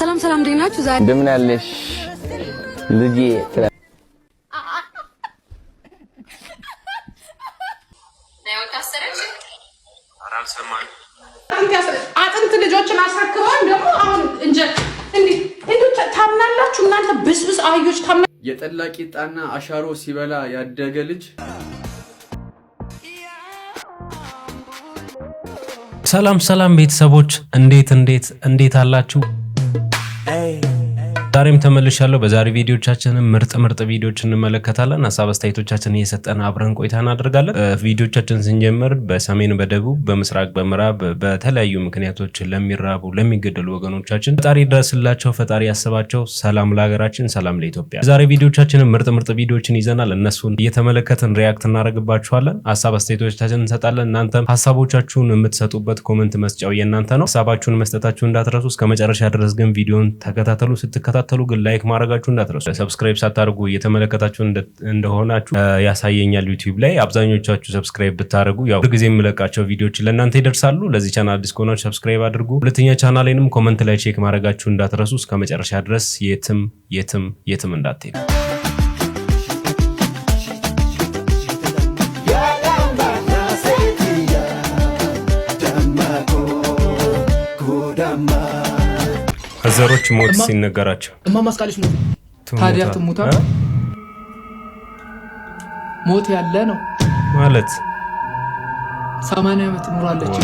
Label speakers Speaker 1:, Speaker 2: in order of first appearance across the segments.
Speaker 1: ሰላም ሰላም፣ ደህና ናችሁ? ዛሬ
Speaker 2: እንደምን አለሽ ልጄ?
Speaker 1: አጥንት ልጆችን አሳክበዋል። ደግሞ አሁን ታምናላችሁ እናንተ ብስብስ አህዮች
Speaker 2: የጠላ ቂጣና አሻሮ ሲበላ ያደገ ልጅ ሰላም ሰላም ቤተሰቦች እንዴት እንዴት እንዴት አላችሁ? Hey. ዛሬም ተመልሻለሁ። በዛሬ ቪዲዮቻችንን ምርጥ ምርጥ ቪዲዮች እንመለከታለን። ሀሳብ አስተያየቶቻችን እየሰጠን አብረን ቆይታ እናደርጋለን። ቪዲዮቻችን ስንጀምር በሰሜን፣ በደቡብ፣ በምስራቅ፣ በምዕራብ በተለያዩ ምክንያቶች ለሚራቡ ለሚገደሉ ወገኖቻችን ፈጣሪ ይድረስላቸው፣ ፈጣሪ ያስባቸው። ሰላም ለሀገራችን፣ ሰላም ለኢትዮጵያ። ዛሬ ቪዲዮቻችንን ምርጥ ምርጥ ቪዲዮችን ይዘናል። እነሱን እየተመለከትን ሪያክት እናደርግባችኋለን። ሀሳብ አስተያየቶቻችን እንሰጣለን። እናንተም ሀሳቦቻችሁን የምትሰጡበት ኮመንት መስጫው የእናንተ ነው። ሀሳባችሁን መስጠታችሁን እንዳትረሱ። እስከ መጨረሻ ድረስ ግን ቪዲዮን ተከታተሉ። ስትከታተሉ ስትከታተሉ ግን ላይክ ማድረጋችሁ እንዳትረሱ። ሰብስክራይብ ሳታደርጉ እየተመለከታችሁ እንደሆናችሁ ያሳየኛል ዩቲዩብ ላይ። አብዛኞቻችሁ ሰብስክራይብ ብታደርጉ ያው ጊዜ የምለቃቸው ቪዲዮዎች ለእናንተ ይደርሳሉ። ለዚህ ቻናል አዲስ ከሆናችሁ ሰብስክራይብ አድርጉ። ሁለተኛ ቻናሌንም ኮመንት ላይ ቼክ ማድረጋችሁ እንዳትረሱ። እስከ መጨረሻ ድረስ የትም የትም የትም እንዳትሄዱ። ዘሮች ሞት ሲነገራቸው
Speaker 1: እማማ አስቃለች ሞት ታዲያ ትሙታ ሞት ያለ ነው ማለት ሰማንያ ዓመት ኑራለች።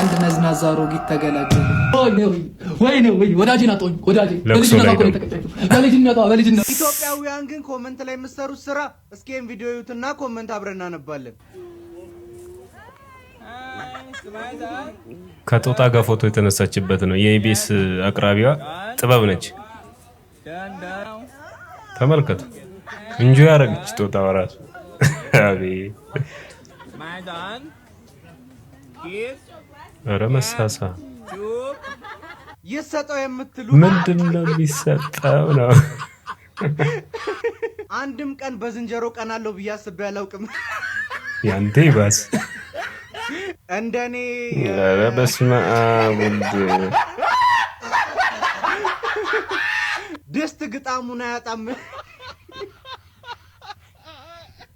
Speaker 1: አንድ ነዝናዛ አሮጊት ተገላገለ። ወይኔ ወዳጅ ናጦኝ ወዳጅ ኢትዮጵያውያን ግን ኮመንት ላይ የምትሰሩት ስራ እስኪ ቪዲዮ ዩትና ኮመንት አብረን
Speaker 2: እናነባለን። ከጦጣ ጋር ፎቶ የተነሳችበት ነው። የኢቢኤስ አቅራቢዋ ጥበብ ነች። ተመልከቱ። እንጆ ያደረገች ጦጣ ራሱ ኧረ መሳሳ
Speaker 1: ይሰጠው የምትሉ
Speaker 2: ምንድን ነው የሚሰጠው ነው?
Speaker 1: አንድም ቀን በዝንጀሮ ቀን አለው ብዬ አስቤ አላውቅም።
Speaker 2: ያንተ ይባስ እንደኔ በስመ አብ
Speaker 1: ድስት ግጣሙን አያጣም።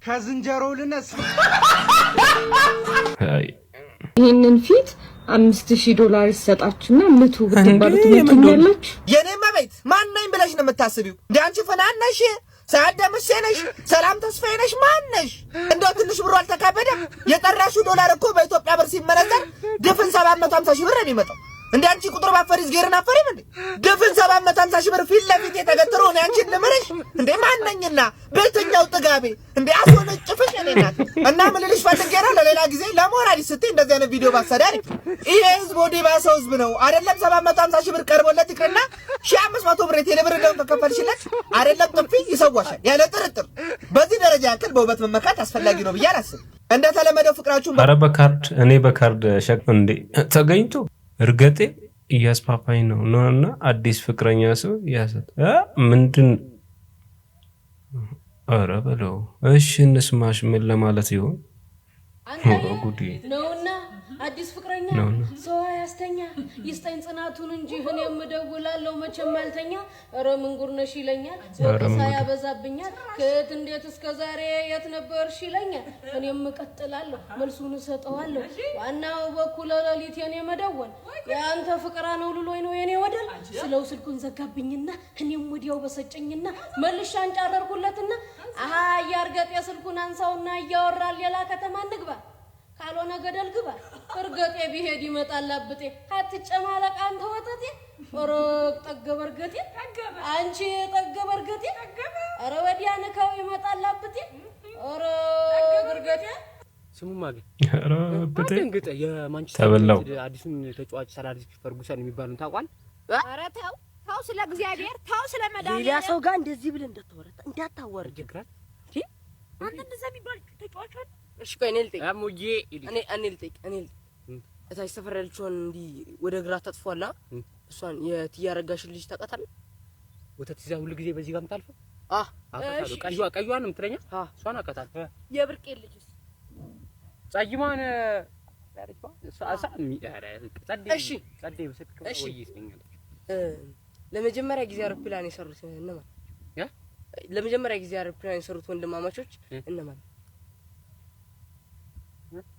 Speaker 1: ከዝንጀሮ ልነስ ይህንን ፊት አምስት ሺህ ዶላር ይሰጣችሁና ምቱ ብትባሉት ምቱ ያላችሁ የኔማ ቤት ማናኝ ብለሽ ነው የምታስቢው? እንደ አንቺ ፈናናሽ ሰዓት ደምሴ ነሽ፣ ሰላም ተስፋዬ ነሽ፣ ማን ነሽ? እንደው ትንሽ ብሩ አልተካበደም? የጠራሹ ዶላር እኮ በኢትዮጵያ ብር ሲመነዘር ድፍን ሰባት መቶ ሀምሳ ሺህ ብር ነው የሚመጣው። እንደ አንቺ ቁጥር ባፈሪ ዝጌርን አፈሪ ምን ደፍን ሰባት መቶ ሀምሳ ሺህ ብር ፊት ለፊት የተገትሮ ነው አንቺ ልምርሽ እንዴ ማነኝና በየትኛው ጥጋቤ እንዴ አስወነጭፍሽ ነኝናት እና ምን ልልሽ ፈልጌ ነው። ለሌላ ጊዜ ለሞራል ስትይ እንደዚህ አይነት ቪዲዮ ባሰዳሪ ይሄ ህዝብ ወደ ባሰው ህዝብ ነው አይደለም። ሰባት መቶ ሀምሳ ሺህ ብር ቀርቦለት ይቅርና ሺህ አምስት መቶ ብር የቴሌ ብር እንደውም ከከፈልሽለት አይደለም ጥፊ ይሰዋሻል ያለ ጥርጥር። በዚህ ደረጃ ያክል በውበት መመካት አስፈላጊ ነው ብዬ አላስብም። እንደተለመደው ፍቅራችሁ
Speaker 2: ኧረ በካርድ እኔ በካርድ ሸቅ እንዴ ተገኝቶ እርገጤ እያስፋፋኝ ነው እና አዲስ ፍቅረኛ ሰው ያሰጥ ምንድን ኧረ በለው እሺ እንስማሽ ምን ለማለት ይሆን
Speaker 1: ጉዴ አዲስ ፍቅረኛ ሰው ያስተኛ ይስጠኝ ጽናቱን እንጂ እኔ የምደውላለው መቼም አልተኛ። ኧረ ምን ነሽ ይለኛል፣ ወቀሳ ያበዛብኛል። ከየት እንዴት እስከ ዛሬ የት ነበርሽ ይለኛል። እኔ የምቀጥላለሁ መልሱን እሰጠዋለሁ። ዋናው በኩል ለሊት የኔ መደወል የአንተ ፍቅራ ነው ልሎኝ ነው የኔ ወደል ስለው ስልኩን ዘጋብኝና እኔም ወዲያው በሰጨኝና መልሻ አንጫረርኩለትና አሀ እያርገጤ ስልኩን አንሳውና እያወራል ሌላ ከተማ እንግባ ካልሆነ ገደል ግባ። እርገጤ ቢሄድ ይመጣል አብጤ። አትጨማለቅ አንተ ወጠጤ። ሮቅ ጠገበ እርገጤ፣ አንቺ ጠገበ እርገጤ። ኧረ ወዲያ ንካው ይመጣል አብጤ። ሮቅ እርገጤ ስሙማ ግን
Speaker 2: አደንግጠ የማንቸስተር ዩናይትድ
Speaker 1: አዲሱን ተጫዋች ሰር አሌክስ ፈርጉሰን የሚባሉን ታውቋል? ኧረ ተው ተው፣ ስለ እግዚአብሔር ተው፣ ስለ መድኃኒዓለም ሌላ ሰው ጋር እንደዚህ ብለህ እንዳታወረ እንዳታወራ። ጀግራት አንተ እንደዛ የሚባል ተጫዋች አለ እሺ ቆይ እኔ ልጠይቅ አሙጂ እኔ እኔ ልጠይቅ እኔ እታች ሰፈር ያለችውን እንዲህ ወደ ግራ ታጥፏላ። እሷን የትያ ረጋሽን ልጅ ታውቃታለህ? ወተት ይዛ ሁሉ ጊዜ በዚህ ጋር የምታልፈው አህ ቀይዋ ቀይዋን የምትለኛ እሷን አውቃታለሁ። የብርቄ ልጅ ጸይሟን ለመጀመሪያ ጊዜ አውሮፕላን የሰሩት እነማን? ለመጀመሪያ ጊዜ አውሮፕላን የሰሩት ወንድማማቾች እነማን?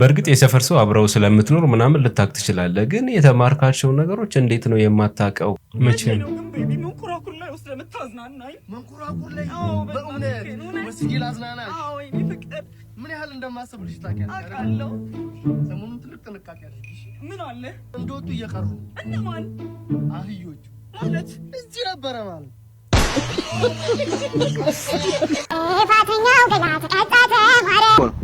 Speaker 2: በእርግጥ የሰፈር ሰው አብረው ስለምትኖር ምናምን ልታክ ትችላለ፣ ግን የተማርካቸው ነገሮች እንዴት ነው የማታውቀው?
Speaker 1: መቼ ላይ በእውነት ፍቅር ምን ያህል እንደማስብ ልጅ ታውቂያለሽ። ትልቅ ጥንቃቄ ምን አለ እንደወጡ እየቀሩ እነማን አህዮች ማለት እዚህ ነበረ ማለት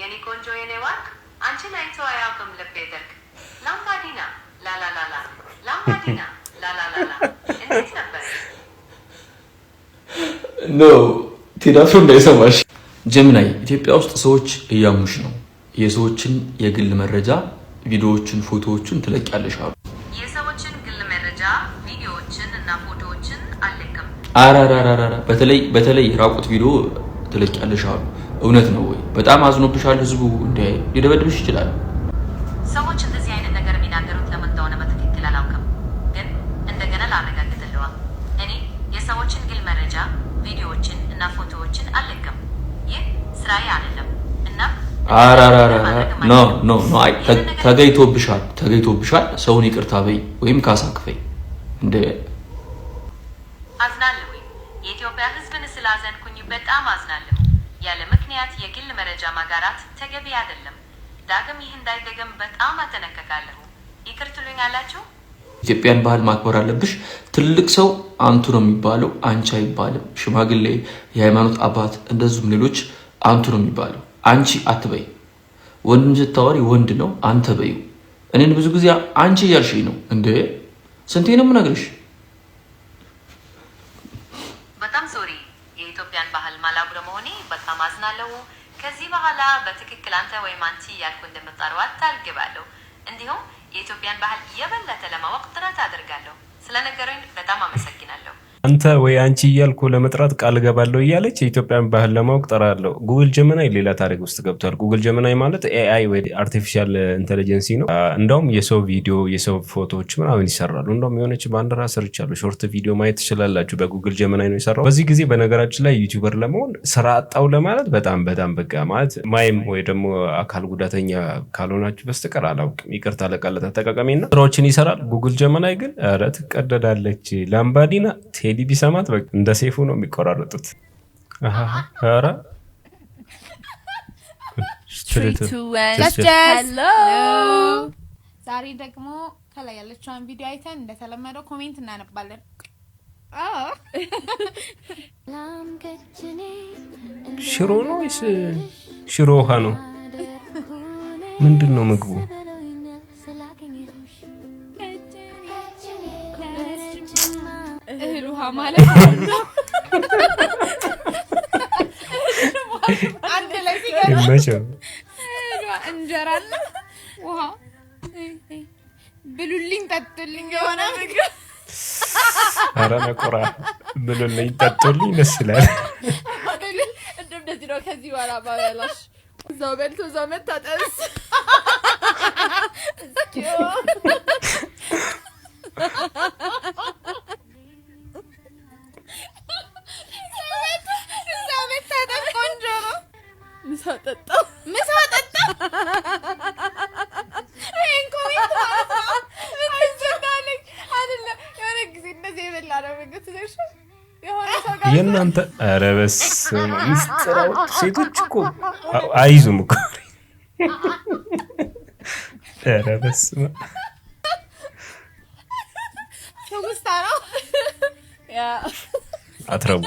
Speaker 1: የኔ ቆንጆ የኔ ዋርክ አንቺን አይቶ አያውቅም ልቤ ላምባዲና ላላላላ ላምባዲና
Speaker 2: ኖ እንዳይሰማሽ። ጀምናይ ኢትዮጵያ ውስጥ ሰዎች እያሙሽ ነው። የሰዎችን የግል መረጃ ቪዲዮዎችን፣ ፎቶዎችን ትለቂያለሽ አሉ።
Speaker 1: የሰዎችን ግል መረጃ ቪዲዮዎችን እና ፎቶዎችን አልለቅም።
Speaker 2: አራራራራ በተለይ በተለይ ራቁት ቪዲዮ ትለቅያለሽ አሉ። እውነት ነው ወይ? በጣም አዝኖብሻል ህዝቡ እንደ ሊደበድብሽ ይችላል።
Speaker 1: ሰዎች እንደዚህ አይነት ነገር የሚናገሩት ለምን እንደሆነ በትክክል አላውቅም፣ ግን እንደገና ላረጋግጥልዋ። እኔ የሰዎችን ግል መረጃ ቪዲዮዎችን እና ፎቶዎችን አልልቅም። ይህ ስራዬ አይደለም እና
Speaker 2: ተገይቶብሻል፣ ተገይቶብሻል። ሰውን ይቅርታ በይ ወይም ካሳ ክፈይ። እንደ
Speaker 1: አዝናለሁ የኢትዮጵያ ህዝብን ስላዘንኩኝ በጣም አዝናለሁ። ምክንያት የግል መረጃ ማጋራት ተገቢ አይደለም። ዳግም ይህ እንዳይደገም በጣም አጠነቀቃለሁ። ይቅርትሉኝ አላችሁ።
Speaker 2: ኢትዮጵያን ባህል ማክበር አለብሽ። ትልቅ ሰው አንቱ ነው የሚባለው፣ አንቺ አይባልም። ሽማግሌ፣ የሃይማኖት አባት፣ እንደዚሁም ሌሎች አንቱ ነው የሚባለው፣ አንቺ አትበይ። ወንድ ስታወሪ ወንድ ነው አንተ በዩ። እኔን ብዙ ጊዜ አንቺ እያልሽኝ ነው እንዴ? ስንቴ ነው የምነግርሽ?
Speaker 1: በጣም አዝናለሁ። ከዚህ በኋላ በትክክል አንተ ወይም አንቺ ያልኩ እንደምጠራው አታልግባለሁ። እንዲሁም የኢትዮጵያን ባህል የበለጠ ለማወቅ ጥረት አድርጋለሁ። ስለነገረኝ በጣም አመሰግናለሁ።
Speaker 2: አንተ ወይ አንቺ እያልኩ ለመጥራት ቃል እገባለሁ እያለች የኢትዮጵያን ባህል ለማወቅ ጠራለሁ። ጉግል ጀመናይ ሌላ ታሪክ ውስጥ ገብቷል። ጉግል ጀመናይ ማለት ኤአይ ወይ አርቲፊሻል ኢንቴሊጀንሲ ነው። እንዳውም የሰው ቪዲዮ፣ የሰው ፎቶዎች ምናምን ይሰራሉ። እንደውም የሆነች ባንዲራ ሰርቻለሁ። ሾርት ቪዲዮ ማየት ትችላላችሁ። በጉግል ጀመናይ ነው የሰራው። በዚህ ጊዜ በነገራችን ላይ ዩቲዩበር ለመሆን ስራ አጣው ለማለት በጣም በጣም በቃ ማለት ማይም ወይ ደግሞ አካል ጉዳተኛ ካልሆናችሁ በስተቀር አላውቅም። ይቅርታ ለቃላት አጠቃቀሜና ስራዎችን ይሰራል። ጉግል ጀመናይ ግን ኧረ ትቀደዳለች ላምባዲና ቴዲ ቢሰማት እንደ ሴፉ ነው የሚቆራረጡት። ኧረ
Speaker 1: ዛሬ ደግሞ ከላይ ያለችውን ቪዲዮ አይተን እንደተለመደው ኮሜንት እናነባለን።
Speaker 2: ሽሮ ነው ወይስ ሽሮ ውሃ ነው? ምንድን ነው ምግቡ?
Speaker 1: ማለት ነው። ውሃ ብሉልኝ፣ ጠጡልኝ የሆነ ምግብ
Speaker 2: ኧረ ነቁራ ብሉልኝ፣ ጠጡልኝ
Speaker 1: እንደዚህ ነው። ከዚህ በኋላ ባበላሽ እዛው በልቶ እዛው መታጠብስ ምሳ ጠጣ ምሳ ጠጣ።
Speaker 2: የእናንተ ኧረ በስመ አብ ምስጢር አወቅ። ሴቶች እኮ አይዙም እኮ ኧረ በስመ አብ አትረቡም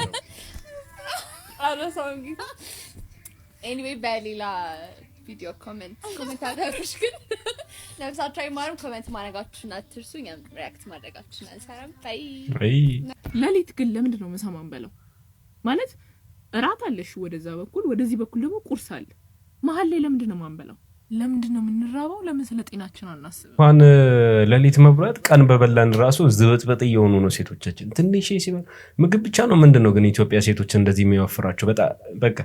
Speaker 1: ኤኒዌይ በሌላ ቪዲዮ ኮሜንት ኮሜንት አደረግሽ ግን ነፍሳቸው አይማርም። ኮሜንት ማድረጋችሁን አትርሱ። እኛም ሪያክት ማድረጋችሁን አንሰራም። ይ ሌሊት ግን ለምንድን ነው መሳማን በለው ማለት እራት አለሽ፣ ወደዛ በኩል ወደዚህ በኩል ደግሞ ቁርስ አለ። መሀል ላይ ለምንድን ነው ማንበላው? ለምንድን ነው የምንራበው? ለምን ስለ ጤናችን አናስብም?
Speaker 2: እንኳን ሌሊት መብላት ቀን በበላን ራሱ ዝበጥበጥ እየሆኑ ነው ሴቶቻችን። ትንሽ ሲበል ምግብ ብቻ ነው ምንድን ነው ግን ኢትዮጵያ ሴቶች እንደዚህ የሚወፍራቸው በቃ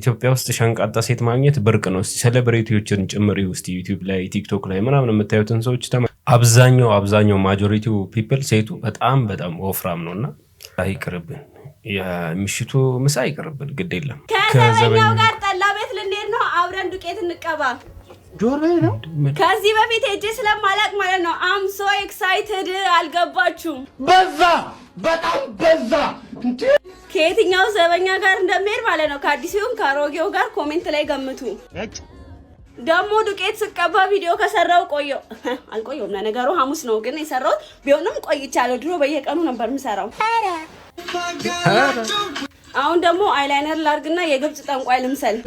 Speaker 2: ኢትዮጵያ ውስጥ ሸንቃጣ ሴት ማግኘት ብርቅ ነው። ሴሌብሬቲዎችን ጭምር ውስጥ ዩቲዩብ ላይ ቲክቶክ ላይ ምናምን የምታዩትን ሰዎች አብዛኛው አብዛኛው ማጆሪቲ ፒፕል ሴቱ በጣም በጣም ወፍራም ነው እና አይቅርብን፣ የምሽቱ ምሳ አይቅርብን። ግድ የለም
Speaker 1: ከዘበኛው ጋር ጠላ ቤት ልንሄድ ነው። አብረን ዱቄት እንቀባ ጆሮዬ ነው። ከዚህ በፊት ሄጄ ስለማላቅ ማለት ነው። አም ሶ ኤክሳይትድ አልገባችሁም? በዛ በጣም በዛ። ከየትኛው ዘበኛ ጋር እንደሚሄድ ማለት ነው። ከአዲሱም ከአሮጌው ጋር ኮሜንት ላይ ገምቱ። ደግሞ ዱቄት ስቀባ ቪዲዮ ከሰራው ቆየው አልቆየውም። ለነገሩ ሐሙስ ነው ግን የሰራሁት ቢሆንም ቆይቻለሁ። ድሮ በየቀኑ ነበር የምሰራው። አሁን ደግሞ አይላይነር ላርግና የግብፅ ጠንቋይ ልምሰል።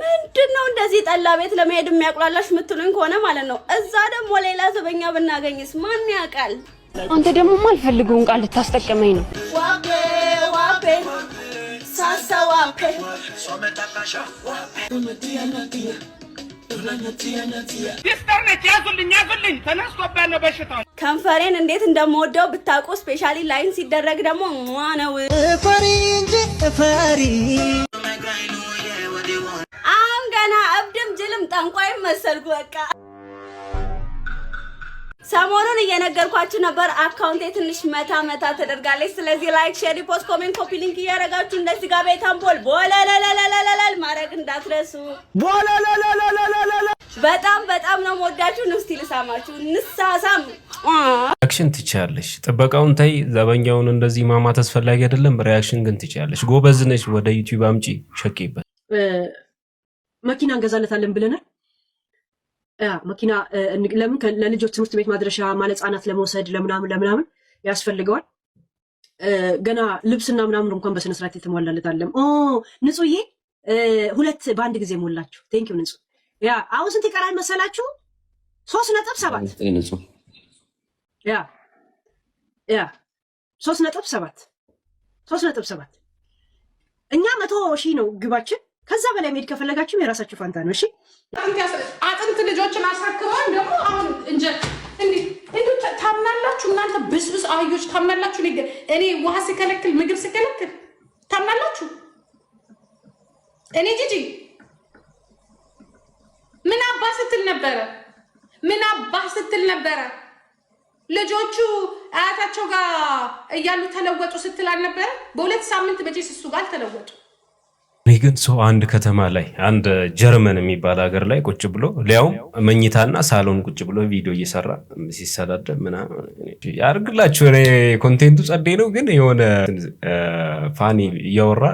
Speaker 1: ምንድን ነው እንደዚህ ጠላ ቤት ለመሄድ የሚያቁላላሽ የምትሉኝ ከሆነ ማለት ነው፣ እዛ ደግሞ ሌላ ዘበኛ ብናገኝስ ማን ያውቃል? አንተ ደግሞ ማልፈልገውን ቃል ልታስጠቀመኝ ነው። ከንፈሬን እንዴት እንደምወደው ብታውቁ። ስፔሻሊ ላይን ሲደረግ ደግሞ ነው። ፈሪ እንጂ ጠንቋይም መሰልኩ በቃ። ሰሞኑን እየነገርኳችሁ ነበር፣ አካውንቴ ትንሽ መታ መታ ተደርጋለች። ስለዚህ ላይክ፣ ሼር፣ ሪፖስት፣ ኮሜንት፣ ኮፒ ሊንክ እያደረጋችሁ እንደዚህ ጋር ቤታምፖል ቦለለለለለለል ማድረግ እንዳትረሱ። በጣም በጣም ነው የምወዳችሁ። ንስቲ ልሳማችሁ፣ ንሳሳም
Speaker 2: ሪያክሽን ትችያለሽ። ጥበቃውን ታይ፣ ዘበኛውን እንደዚህ ማማት አስፈላጊ አይደለም። ሪያክሽን ግን ትችያለሽ። ጎበዝ ነሽ። ወደ ዩቲዩብ አምጪ፣ ሸቂበት።
Speaker 1: መኪና እንገዛለታለን ብለናል መኪና ለምን ለልጆች ትምህርት ቤት ማድረሻ ማለፃናት ለመውሰድ ለምናምን ለምናምን ያስፈልገዋል። ገና ልብስና ምናምን እንኳን በስነስርዓት የተሟላለት አለም። ሁለት በአንድ ጊዜ ሞላችሁ። ቴንኪው ንጹ። ያ አሁን ስንት ይቀራል መሰላችሁ? ሶስት ነጥብ ሰባት ያ ያ ሶስት ነጥብ ሰባት ሶስት ነጥብ ሰባት እኛ መቶ ሺህ ነው ግባችን ከዛ በላይ መሄድ ከፈለጋችሁ የራሳችሁ ፋንታ ነው። እሺ አጥንት ልጆችን አስረክበን ደግሞ አሁን እንጂ እንዲሁ ታምናላችሁ እናንተ ብስብስ አህዮች ታምናላችሁ። እኔ ውሃ ስከለክል ምግብ ስከለክል ታምናላችሁ። እኔ ጂጂ ምን አባ ስትል ነበረ? ምን አባ ስትል ነበረ? ልጆቹ አያታቸው ጋር እያሉ ተለወጡ ስትል አልነበረ? በሁለት ሳምንት በጭስ እሱ ጋር አልተለወጡ
Speaker 2: እኔ ግን ሰው አንድ ከተማ ላይ አንድ ጀርመን የሚባል ሀገር ላይ ቁጭ ብሎ ሊያውም መኝታና ሳሎን ቁጭ ብሎ ቪዲዮ እየሰራ ሲሰዳደ ምናምን ያድርግላችሁ። ኮንቴንቱ ጸዴ ነው፣ ግን የሆነ ፋኒ እያወራ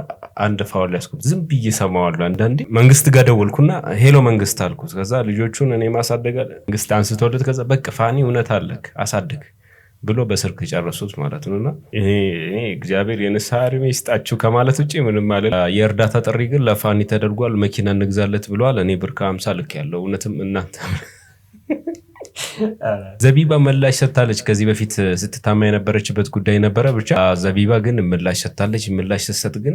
Speaker 2: አንድ ፋውል ያስኩት ዝም ብዬ ሰማዋሉ። አንዳንዴ መንግስት ጋር ደወልኩና ሄሎ መንግስት አልኩት። ከዛ ልጆቹን እኔ ማሳደግ መንግስት አንስቶለት ከዛ በቃ ፋኒ እውነት አለክ አሳድግ ብሎ በሰርክ ጨረሱት ማለት ነው። እግዚአብሔር የንስሐ ዕድሜ ይስጣችሁ ከማለት ውጭ ምንም አለ። የእርዳታ ጥሪ ግን ለፋኒ ተደርጓል። መኪና እንግዛለት ብለዋል። እኔ ብር ከሀምሳ ልክ ያለው እውነትም እናንተ ዘቢባ ምላሽ ሰጥታለች። ከዚህ በፊት ስትታማ የነበረችበት ጉዳይ ነበረ። ብቻ ዘቢባ ግን ምላሽ ሰጥታለች። ምላሽ ስትሰጥ ግን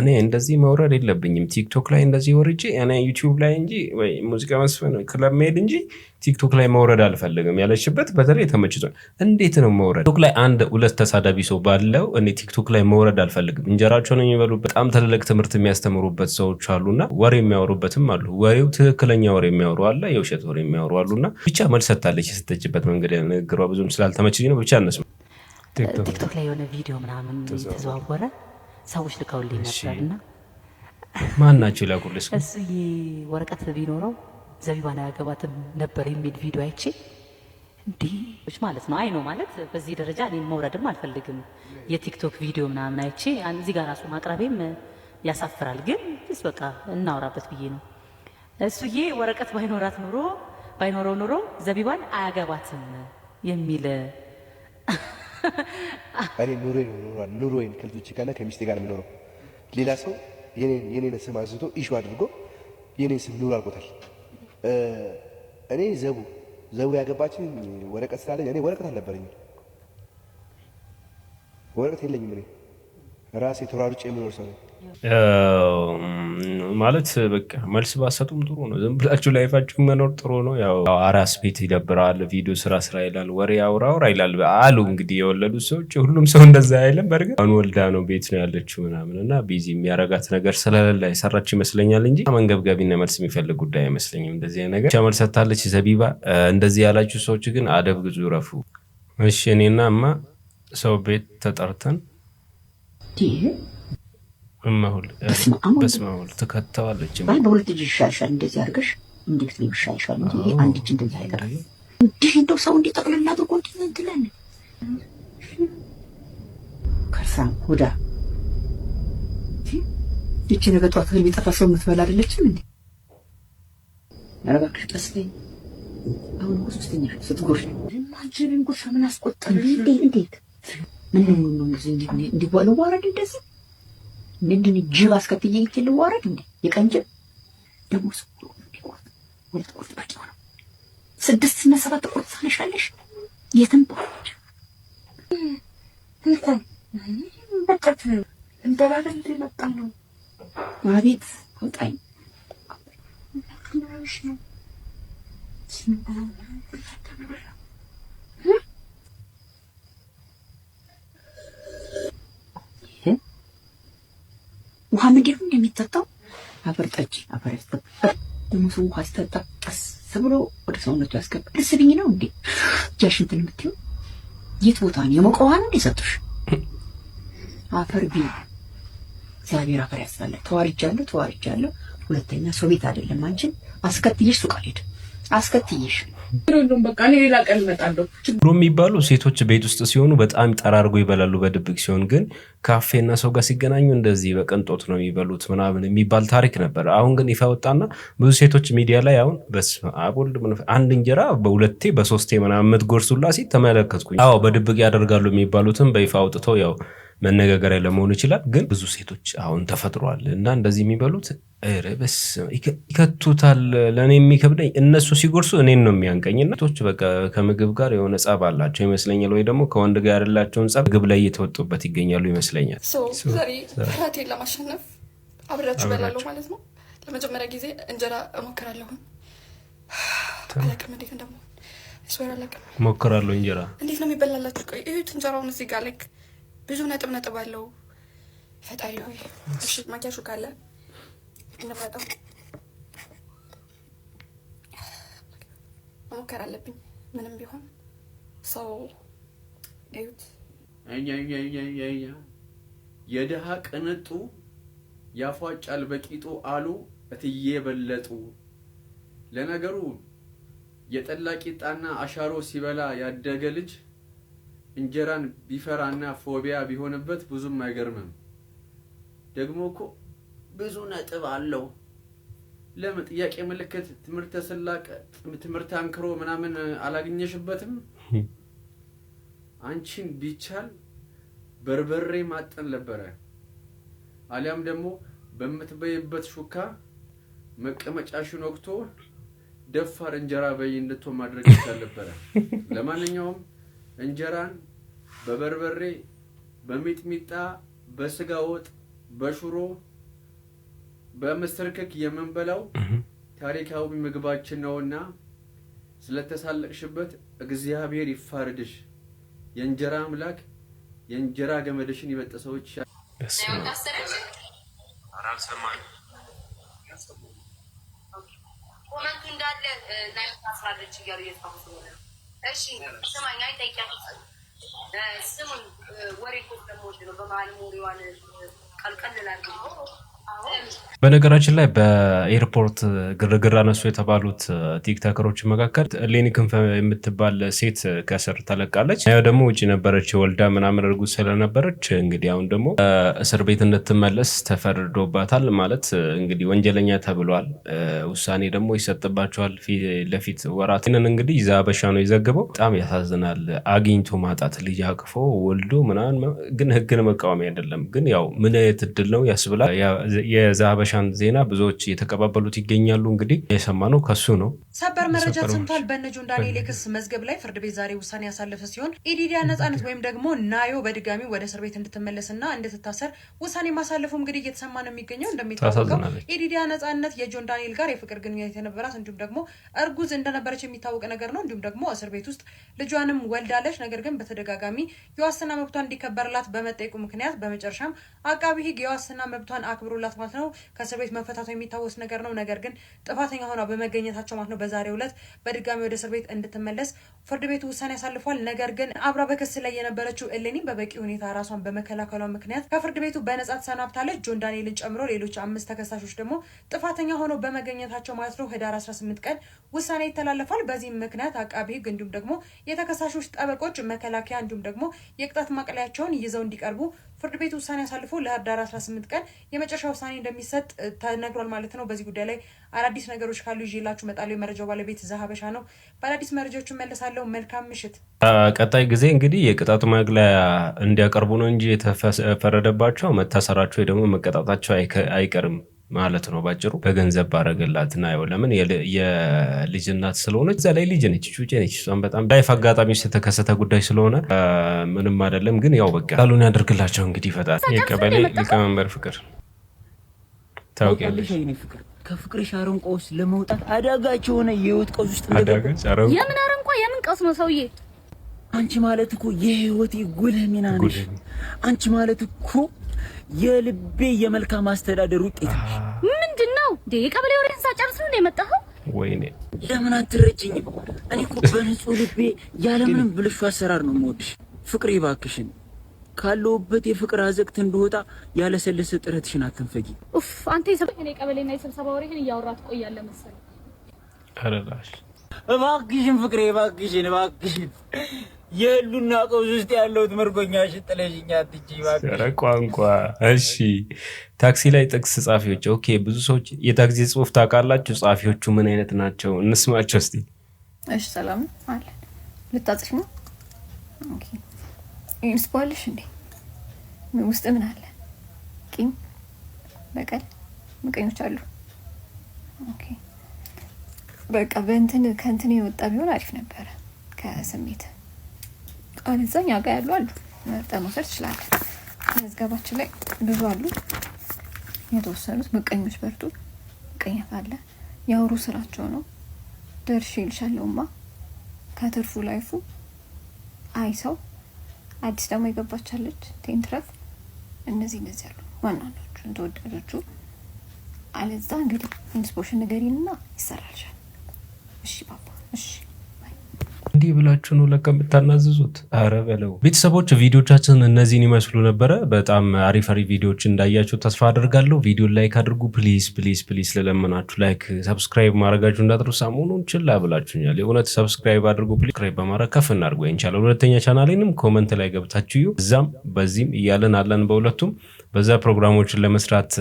Speaker 2: እኔ እንደዚህ መውረድ የለብኝም ቲክቶክ ላይ እንደዚህ ወርጄ እኔ ዩቲዩብ ላይ እንጂ ወይ ሙዚቃ መስፈን ክለብ መሄድ እንጂ ቲክቶክ ላይ መውረድ አልፈልግም ያለችበት በተለይ ተመችቷል። እንዴት ነው መውረድ ቲክቶክ ላይ አንድ ሁለት ተሳዳቢ ሰው ባለው እኔ ቲክቶክ ላይ መውረድ አልፈልግም። እንጀራቸውን የሚበሉበት በጣም ትልልቅ ትምህርት የሚያስተምሩበት ሰዎች አሉና ወሬ የሚያወሩበትም አሉ። ወሬው ትክክለኛ ወሬ የሚያወሩ አለ፣ የውሸት ወሬ የሚያወሩ አሉና ብቻ መልስ ሰጥታለች። የሰጠችበት መንገድ ንግግሯ ብዙም ስላልተመቸኝ ነው። ብቻ እነሱ
Speaker 1: ቲክቶክ ላይ የሆነ ቪዲዮ ምናምን የተዘዋወረ ሰዎች ልከውልኝ ነበር እና
Speaker 2: ማን ናቸው ይላኩልስ
Speaker 1: እሱ ወረቀት ቢኖረው ዘቢባን አያገባትም ነበር የሚል ቪዲዮ አይቼ እንዲህ ማለት ነው። አይ ነው ማለት በዚህ ደረጃ እኔ መውረድም አልፈልግም። የቲክቶክ ቪዲዮ ምናምን አይቼ እዚህ ጋር ራሱ ማቅረቤም ያሳፍራል። ግን ስ በቃ እናውራበት ብዬ ነው። እሱዬ ወረቀት ባይኖራት ኖሮ ባይኖረው ኑሮ ዘቢባን አያገባትም የሚል እኔ ኑሮ ኑሮዬን ከልጆች ጋርና ከሚስቴ ጋር የምኖረው ሌላ ሰው የኔን ስም አንስቶ ኢሹ አድርጎ የኔን ስም ኑሮ አድርጎታል። እኔ ዘቡ ዘቡ ያገባችን ወረቀት ስላለኝ እኔ ወረቀት አልነበረኝም፣ ወረቀት የለኝም። እኔ ራሴ ተሯሩጬ የምኖር ሰው ነኝ።
Speaker 2: ማለት በቃ መልስ ባሰጡም ጥሩ ነው። ዝም ብላችሁ ላይፋችሁ መኖር ጥሩ ነው። ያው አራስ ቤት ይደብራል፣ ቪዲዮ ስራ ስራ ይላል፣ ወሬ አውራ አውራ ይላል አሉ እንግዲህ የወለዱ ሰዎች። ሁሉም ሰው እንደዛ አይለም። በርግጥ አሁን ወልዳ ነው ቤት ነው ያለችው ምናምን እና ቢዚ የሚያረጋት ነገር ስለሌለ የሰራች ይመስለኛል እንጂ መንገብጋቢና መልስ የሚፈልግ ጉዳይ አይመስለኝም። እንደዚህ ነገር መልስ ሰጥታለች ዘቢባ። እንደዚህ ያላችሁ ሰዎች ግን አደብ ግዙ፣ ረፉ። እሺ እኔና እማ ሰው ቤት ተጠርተን እማሁል በስማሁል ተከተዋለች።
Speaker 1: በሁለት እጅ ይሻልሻል። እንደዚህ አድርገሽ እንዴት ሊም ይሻልሻል እንጂ አንድ እጅ እንደዚህ አይቀርም። እንዲህ እንደው ሰው እንዲህ ጠቅልላ አድርጎ ትላለ። ከርሳም ሁዳ ይቺ ነገ ጠዋት የሚጠፋ ሰው የምትበላ አይደለችም እንዴ? ኧረ እባክሽ ቀስ በይ። አሁን እኮ ሶስተኛ ስትጎርሽ ማጅብን ጎርሻ ምን አስቆጠረ? እንዴት ምን ነው ነው ጊዜ እንዲዋለው ዋረድ እንደዚህ እንድን ጅብ አስከትዬ ይቺ ልዋረድ እንዴ? የቀን ጅብ ደግሞ ሁለት ቁርጥ በቂ ሆነ። ስድስት እና ሰባት ቁርጥ ሳነሻለሽ የትም ቦች እንኳን በቃት መጣ ነው። አቤት ነው ውሃ ምንድነው እንደሚጠጣው አበርጠጅ አፈር ያስጠጣ ደግሞ ሰው ውሃ ሲጠጣ ቀስ ብሎ ወደ ሰውነቱ ያስገባ። ደስ ብኝ ነው እንዴ ጃሽንትን የምትይው የት ቦታ ነው? የሞቀ ውሃ ነው እንዲሰጡሽ አፈር ቢ እግዚአብሔር አፈር ያስጣለ። ተዋርጃለሁ ተዋርጃለሁ። ሁለተኛ ሰው ቤት አይደለም አንቺን አስከትዬሽ ሱቅ አልሄድም አስከትዬሽ
Speaker 2: ሮ የሚባሉ ሴቶች ቤት ውስጥ ሲሆኑ በጣም ጠራርጎ ይበላሉ በድብቅ ሲሆን ግን ካፌና ሰው ጋር ሲገናኙ እንደዚህ በቅንጦት ነው የሚበሉት ምናምን የሚባል ታሪክ ነበር። አሁን ግን ይፋ ወጣና ብዙ ሴቶች ሚዲያ ላይ አሁን በአቦልድ አንድ እንጀራ በሁለቴ በሶስቴ ምናምን የምትጎርሱላ ሲት ተመለከትኩኝ። አዎ በድብቅ ያደርጋሉ የሚባሉትን በይፋ አውጥተው ያው መነጋገሪያ ለመሆን ይችላል። ግን ብዙ ሴቶች አሁን ተፈጥሯል እና እንደዚህ የሚበሉት ረበስ ይከቱታል። ለእኔ የሚከብደኝ እነሱ ሲጎርሱ እኔን ነው የሚያንቀኝና ቶች በቃ ከምግብ ጋር የሆነ ጸብ አላቸው ይመስለኛል፣ ወይ ደግሞ ከወንድ ጋር ያላቸውን ጸብ ምግብ ላይ እየተወጡበት ይገኛሉ ይመስለኛል።
Speaker 1: ዛሬ ለማሸነፍ አብሬያችሁ እበላለሁ ማለት ነው። ለመጀመሪያ ጊዜ እንጀራ እሞክራለሁ። አላቅም እንዴት እንደምሆን
Speaker 2: ሞክራለሁ። እንጀራ
Speaker 1: እንዴት ነው የሚበላላችሁ? ቆይ እዩት እንጀራውን እዚህ ጋር ላይክ ብዙ ነጥብ ነጥብ አለው። ፈጣሪ ሆይ እሺ፣ ማኪያሹ ካለ እንፈጠው መሞከር አለብኝ። ምንም ቢሆን ሰው እዩት።
Speaker 2: የድሃ ቅንጡ ያፏጫል በቂጡ አሉ እትዬ በለጡ። ለነገሩ የጠላ ቂጣና አሻሮ ሲበላ ያደገ ልጅ እንጀራን ቢፈራና ፎቢያ ቢሆንበት ብዙም አይገርምም። ደግሞ እኮ ብዙ ነጥብ አለው። ለምን ጥያቄ ምልክት ትምህርት ተሰላቀ ትምህርት አንክሮ ምናምን አላገኘሽበትም? አንቺን ቢቻል በርበሬ ማጠን ነበረ፣ አሊያም ደግሞ በምትበይበት ሹካ መቀመጫሽን ወቅቶ ደፋር እንጀራ በይ እንድትሆን ማድረግ ይቻል ነበረ። ለማንኛውም እንጀራን በበርበሬ፣ በሚጥሚጣ፣ በስጋ ወጥ፣ በሽሮ፣ በምስር ክክ የምንበላው ታሪካዊ ምግባችን ነውና ስለተሳለቅሽበት እግዚአብሔር ይፋርድሽ። የእንጀራ አምላክ የእንጀራ ገመድሽን ይበጥሰዎች። ኮመንቱ እንዳለ ናይት አስራለች እያሉ እየጻፉ እሺ፣ ስማኝ አይጠይቂያት ስሙን ወሬ እኮ ስለምወድ ነው። በመሀል ሞሪዋን ቀልቀል ላድርገው በነገራችን ላይ በኤርፖርት ግርግር አነሱ የተባሉት ቲክቶከሮች መካከል ሌኒ ክንፈ የምትባል ሴት ከእስር ተለቃለች። ያው ደግሞ ውጭ ነበረች ወልዳ ምናምን እርጉ ስለነበረች እንግዲህ አሁን ደግሞ እስር ቤት እንድትመለስ ተፈርዶባታል። ማለት እንግዲህ ወንጀለኛ ተብሏል። ውሳኔ ደግሞ ይሰጥባቸዋል ለፊት ወራት። ይህንን እንግዲህ በሻ ነው የዘግበው። በጣም ያሳዝናል። አግኝቶ ማጣት ልጅ አቅፎ ወልዶ ምናምን ግን ህግን መቃወሚያ አይደለም። ግን ያው ምን አይነት እድል ነው ያስብላል የዛበሻን ዜና ብዙዎች እየተቀባበሉት ይገኛሉ። እንግዲህ የሰማነው ከሱ ነው።
Speaker 1: ሰበር መረጃ ሰምቷል። በነጆን ዳንኤል የክስ መዝገብ ላይ ፍርድ ቤት ዛሬ ውሳኔ ያሳለፈ ሲሆን ኢዲዲያ ነጻነት ወይም ደግሞ ናዮ በድጋሚ ወደ እስር ቤት እንድትመለስና እንድትታሰር ውሳኔ ማሳለፉ እንግዲህ እየተሰማ ነው የሚገኘው።
Speaker 2: እንደሚታወቀው
Speaker 1: ኢዲዲያ ነጻነት የጆን ዳንኤል ጋር የፍቅር ግንኙነት የነበራት እንዲሁም ደግሞ እርጉዝ እንደነበረች የሚታወቅ ነገር ነው። እንዲሁም ደግሞ እስር ቤት ውስጥ ልጇንም ወልዳለች። ነገር ግን በተደጋጋሚ የዋስትና መብቷ እንዲከበርላት በመጠየቁ ምክንያት በመጨረሻም አቃቢ ህግ የዋስትና መብቷን አክብሮላት አለባት ማለት ነው። ከእስር ቤት መፈታቱ የሚታወስ ነገር ነው። ነገር ግን ጥፋተኛ ሆኗ በመገኘታቸው ማለት ነው በዛሬው ዕለት በድጋሚ ወደ እስር ቤት እንድትመለስ ፍርድ ቤቱ ውሳኔ ያሳልፏል። ነገር ግን አብራ በክስ ላይ የነበረችው እሌኒ በበቂ ሁኔታ ራሷን በመከላከሏ ምክንያት ከፍርድ ቤቱ በነጻ ተሰናብታለች። ጆን ዳንኤልን ጨምሮ ሌሎች አምስት ተከሳሾች ደግሞ ጥፋተኛ ሆኖ በመገኘታቸው ማለት ነው ህዳር 18 ቀን ውሳኔ ይተላለፋል። በዚህም ምክንያት አቃቢ ህግ እንዲሁም ደግሞ የተከሳሾች ጠበቆች መከላከያ እንዲሁም ደግሞ የቅጣት ማቅለያቸውን ይዘው እንዲቀርቡ ፍርድ ቤት ውሳኔ አሳልፎ ለህዳር 18 ቀን የመጨረሻ ውሳኔ እንደሚሰጥ ተነግሯል ማለት ነው። በዚህ ጉዳይ ላይ አዳዲስ ነገሮች ካሉ ይዤላችሁ እመጣለሁ። የመረጃው ባለቤት ዘሀበሻ ነው። በአዳዲስ መረጃዎች መለሳለሁ። መልካም ምሽት። ቀጣይ ጊዜ እንግዲህ የቅጣቱ መግለያ እንዲያቀርቡ ነው እንጂ የተፈረደባቸው መታሰራቸው ደግሞ መቀጣጣቸው አይቀርም። ማለት ነው ባጭሩ። በገንዘብ ባረገላት ና ያው ለምን የልጅ እናት ስለሆነች እዛ ላይ ልጅ ነች፣ ጩጬ ነች። እሷም በጣም ላይፍ አጋጣሚዎች የተከሰተ ጉዳይ ስለሆነ ምንም አይደለም። ግን ያው በቃ ቃሉን ያደርግላቸው እንግዲህ ፈጣሪ። የቀበሌ ሊቀመንበር ፍቅር ታውቂያለሽ ከፍቅር አረንቋ ውስጥ ለመውጣት አዳጋች የሆነ የህይወት ቀውስ ውስጥ የምን አረንቋ የምን ቀውስ ነው ሰውዬ? አንቺ ማለት እኮ የህይወት ጉልህ ሚና ነሽ። አንቺ ማለት እኮ የልቤ የመልካም አስተዳደር ውጤት ነሽ። ምንድን ነው እንዴ? የቀበሌ ወሬን ሳጨርስ ነው የመጣኸው? ወይኔ ለምን አትረጅኝም? እኔ እኮ በንጹህ ልቤ ያለምንም ብልሹ አሰራር ነው የምወድሽ። ፍቅሬ እባክሽን ካለውበት የፍቅር አዘቅት እንድወጣ ያለሰለሰ ጥረትሽን አትንፈጊ። ኡፍ አንተ የሰበኔ ቀበሌና የስብሰባ ወሬህን እያወራ ትቆያለህ መሰለኝ። እባክሽን ፍቅሬ እባክሽን እባክሽን የህሉና ቀውስ ውስጥ ያለሁት ምርኮኛ ሽጥለሽኛ ትጂ ቋንቋ። እሺ ታክሲ ላይ ጥቅስ ጻፊዎች። ኦኬ ብዙ ሰዎች የታክሲ ጽሁፍ ታውቃላችሁ? ጻፊዎቹ ምን አይነት ናቸው? እንስማቸው እስቲ። እሺ ሰላም አለ ልታጽሽ ነው ስፖልሽ እንዴ ውስጥ ምን አለ? ቂም፣ በቀል፣ ምቀኞች አሉ። በቃ በእንትን ከእንትን የወጣ ቢሆን አሪፍ ነበረ ከስሜት አለዛኝ እኛ ጋር ያሉ አሉ መርጠን መውሰድ ትችላለን። መዝገባችን ላይ ብዙ አሉ። የተወሰኑት ምቀኞች በርቱ፣ ምቀኛ ካለ ያውሩ፣ ስራቸው ነው። ደርሽ ይልሻለውማ ከትርፉ ላይፉ አይ ሰው አዲስ ደግሞ የገባቻለች ቴንትረፍ እነዚህ እነዚህ አሉ ዋና ዋናዎቹ ተወዳጆቹ። አለዛ እንግዲህ ኢንስፖሽን ንገሪንና ይሰራልሻል። እሺ ባባ እሺ። እንዲህ ብላችሁ ነው ለካ የምታናዝዙት? አረ በለው ቤተሰቦች፣ ቪዲዮቻችን እነዚህን ይመስሉ ነበረ። በጣም አሪፍ አሪፍ ቪዲዮዎች እንዳያችሁ ተስፋ አደርጋለሁ። ቪዲዮን ላይክ አድርጉ ፕሊዝ ፕሊዝ ፕሊዝ፣ ልለምናችሁ። ላይክ ሰብስክራይብ ማድረጋችሁ እንዳትሩ። ሰሞኑን ችላ ብላችሁኛል። የእውነት ሰብስክራይብ አድርጉ ፕሊስ። ስክራይብ በማድረግ ከፍ እናድርጉ ይንቻለ ሁለተኛ ቻናሌንም ኮመንት ላይ ገብታችሁ እዛም በዚህም እያለን አለን በሁለቱም በዛ ፕሮግራሞችን ለመስራት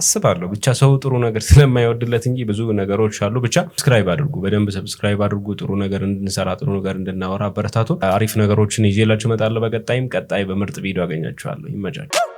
Speaker 1: አስባለሁ። ብቻ ሰው ጥሩ ነገር ስለማይወድለት እንጂ ብዙ ነገሮች አሉ። ብቻ ሰብስክራይብ አድርጉ፣ በደንብ ሰብስክራይብ አድርጉ። ጥሩ ነገር እንድንሰራ፣ ጥሩ ነገር እንድናወራ አበረታቱ። አሪፍ ነገሮችን ይዤላችሁ እመጣለሁ። በቀጣይም ቀጣይ በምርጥ ቪዲዮ አገኛችኋለሁ። ይመቻችሁ።